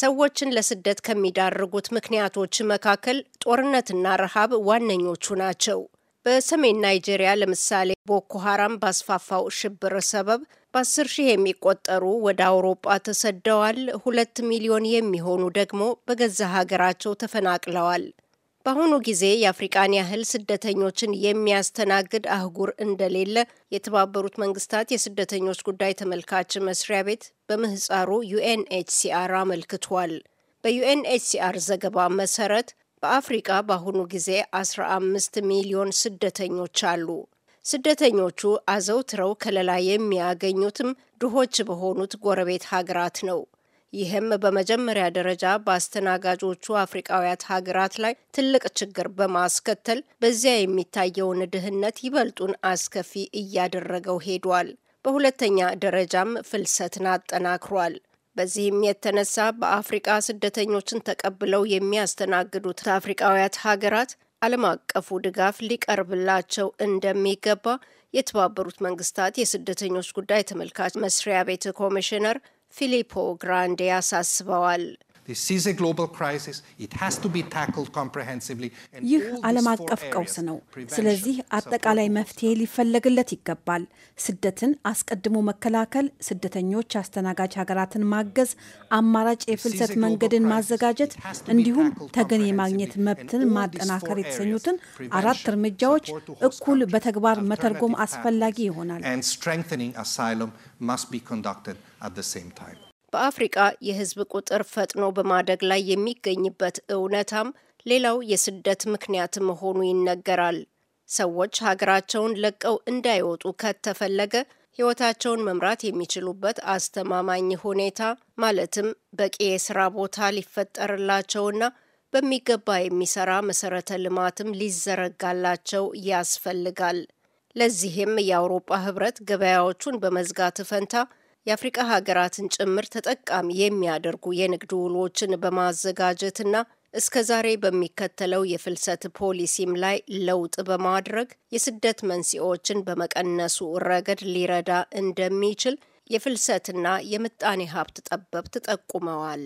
ሰዎችን ለስደት ከሚዳርጉት ምክንያቶች መካከል ጦርነትና ረሃብ ዋነኞቹ ናቸው። በሰሜን ናይጄሪያ ለምሳሌ ቦኮ ባስፋፋው ሽብር ሰበብ በአስር ሺህ የሚቆጠሩ ወደ አውሮጳ ተሰደዋል። ሁለት ሚሊዮን የሚሆኑ ደግሞ በገዛ ሀገራቸው ተፈናቅለዋል። በአሁኑ ጊዜ የአፍሪቃን ያህል ስደተኞችን የሚያስተናግድ አህጉር እንደሌለ የተባበሩት መንግስታት የስደተኞች ጉዳይ ተመልካች መስሪያ ቤት በምህፃሩ ዩኤንኤችሲአር አመልክቷል። በዩኤንኤችሲአር ዘገባ መሰረት በአፍሪቃ በአሁኑ ጊዜ 15 ሚሊዮን ስደተኞች አሉ። ስደተኞቹ አዘውትረው ከለላ የሚያገኙትም ድሆች በሆኑት ጎረቤት ሀገራት ነው። ይህም በመጀመሪያ ደረጃ በአስተናጋጆቹ አፍሪቃውያት ሀገራት ላይ ትልቅ ችግር በማስከተል በዚያ የሚታየውን ድህነት ይበልጡን አስከፊ እያደረገው ሄዷል። በሁለተኛ ደረጃም ፍልሰትን አጠናክሯል። በዚህም የተነሳ በአፍሪቃ ስደተኞችን ተቀብለው የሚያስተናግዱት አፍሪቃውያት ሀገራት ዓለም አቀፉ ድጋፍ ሊቀርብላቸው እንደሚገባ የተባበሩት መንግስታት የስደተኞች ጉዳይ ተመልካች መስሪያ ቤት ኮሚሽነር ፊሊፖ ግራንዴ ያሳስበዋል። This is a global crisis. It has to be tackled comprehensively. ይህ ዓለም አቀፍ ቀውስ ነው። ስለዚህ አጠቃላይ መፍትሄ ሊፈለግለት ይገባል። ስደትን አስቀድሞ መከላከል፣ ስደተኞች አስተናጋጅ ሀገራትን ማገዝ፣ አማራጭ የፍልሰት መንገድን ማዘጋጀት እንዲሁም ተገን የማግኘት መብትን ማጠናከር የተሰኙትን አራት እርምጃዎች እኩል በተግባር መተርጎም አስፈላጊ ይሆናል። በአፍሪቃ የህዝብ ቁጥር ፈጥኖ በማደግ ላይ የሚገኝበት እውነታም ሌላው የስደት ምክንያት መሆኑ ይነገራል። ሰዎች ሀገራቸውን ለቀው እንዳይወጡ ከተፈለገ ህይወታቸውን መምራት የሚችሉበት አስተማማኝ ሁኔታ ማለትም በቂ የስራ ቦታ ሊፈጠርላቸውና በሚገባ የሚሰራ መሰረተ ልማትም ሊዘረጋላቸው ያስፈልጋል። ለዚህም የአውሮጳ ህብረት ገበያዎቹን በመዝጋት ፈንታ የአፍሪቃ ሀገራትን ጭምር ተጠቃሚ የሚያደርጉ የንግድ ውሎችን በማዘጋጀትና እስከ ዛሬ በሚከተለው የፍልሰት ፖሊሲም ላይ ለውጥ በማድረግ የስደት መንስኤዎችን በመቀነሱ ረገድ ሊረዳ እንደሚችል የፍልሰትና የምጣኔ ሀብት ጠበብት ጠቁመዋል።